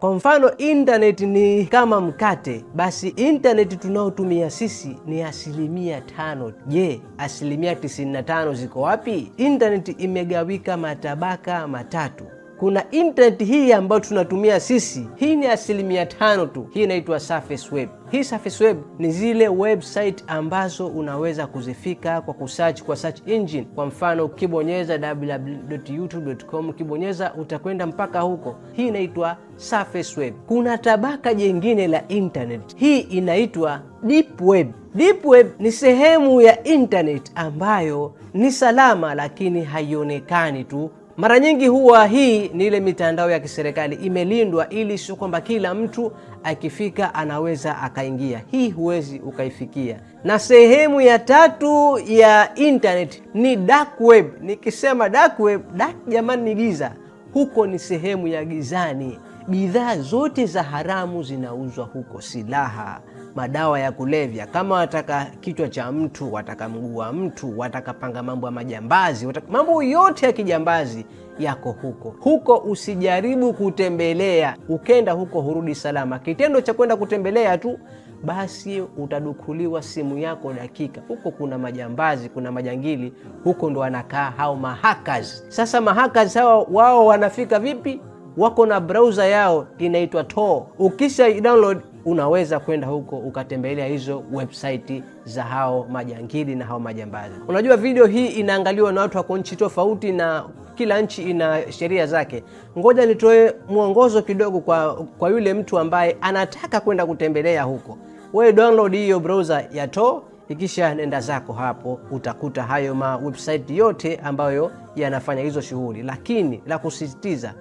Kwa mfano internet ni kama mkate, basi internet tunaotumia sisi ni asilimia tano. Je, asilimia tano ziko wapi? Internet imegawika matabaka matatu kuna internet hii ambayo tunatumia sisi, hii ni asilimia tano tu. Hii inaitwa surface web. Hii surface web ni zile website ambazo unaweza kuzifika kwa kusearch kwa search engine. Kwa mfano, ukibonyeza www.youtube.com, ukibonyeza utakwenda mpaka huko. Hii inaitwa surface web. Kuna tabaka jingine la internet, hii inaitwa deep web. Deep web ni sehemu ya internet ambayo ni salama, lakini haionekani tu mara nyingi huwa hii ni ile mitandao ya kiserikali imelindwa, ili sio kwamba kila mtu akifika anaweza akaingia. Hii huwezi ukaifikia. Na sehemu ya tatu ya internet ni dark web. Nikisema dark web, dark jamani, ni giza. Huko ni sehemu ya gizani bidhaa zote za haramu zinauzwa huko, silaha, madawa ya kulevya. Kama wataka kichwa cha mtu, wataka mguu wa mtu, wataka panga, mambo ya majambazi, wataka mambo yote ya kijambazi yako huko. Huko usijaribu kutembelea, ukenda huko hurudi salama. Kitendo cha kwenda kutembelea tu basi utadukuliwa simu yako dakika. Huko kuna majambazi, kuna majangili, huko ndo wanakaa hao mahakazi. Sasa mahakazi hawa wao wanafika vipi? wako na browser yao inaitwa Tor. Ukisha download unaweza kwenda huko ukatembelea hizo website za hao majangili na hao majambazi. Unajua video hii inaangaliwa na watu wako nchi tofauti na kila nchi ina sheria zake. Ngoja nitoe mwongozo kidogo kwa, kwa yule mtu ambaye anataka kwenda kutembelea huko. Wewe download hiyo browser ya Tor, ikisha nenda zako hapo, utakuta hayo ma website yote ambayo yanafanya hizo shughuli, lakini la kusisitiza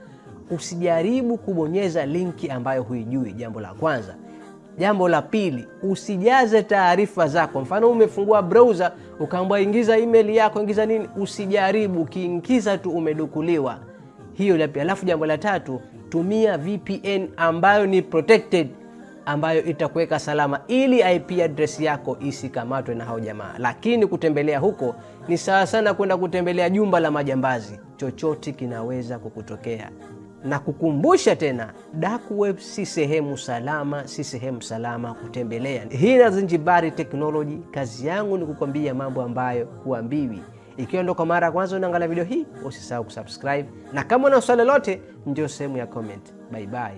usijaribu kubonyeza linki ambayo huijui, jambo la kwanza. Jambo la pili, usijaze taarifa zako. Mfano, umefungua browser ukaambiwa ingiza email yako, ingiza nini, usijaribu. Ukiingiza tu umedukuliwa. Hiyo la pili. Alafu jambo la tatu, tumia VPN ambayo ni protected, ambayo itakuweka salama, ili IP address yako isikamatwe na hao jamaa. Lakini kutembelea huko ni sawa sana kwenda kutembelea jumba la majambazi. Chochote kinaweza kukutokea na kukumbusha tena, dark web si sehemu salama, si sehemu salama kutembelea. Hii na Zinjibari Technology, kazi yangu ni kukwambia mambo ambayo huambiwi. Ikiwa ndo kwa mara ya kwanza unaangalia video hii, usisahau kusubscribe, na kama una swali lolote, ndio sehemu ya comment. Bye bye.